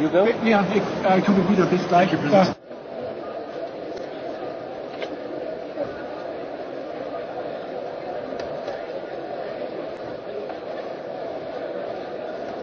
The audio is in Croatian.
You go? Ja, ich, ich komme wieder. Bis gleich.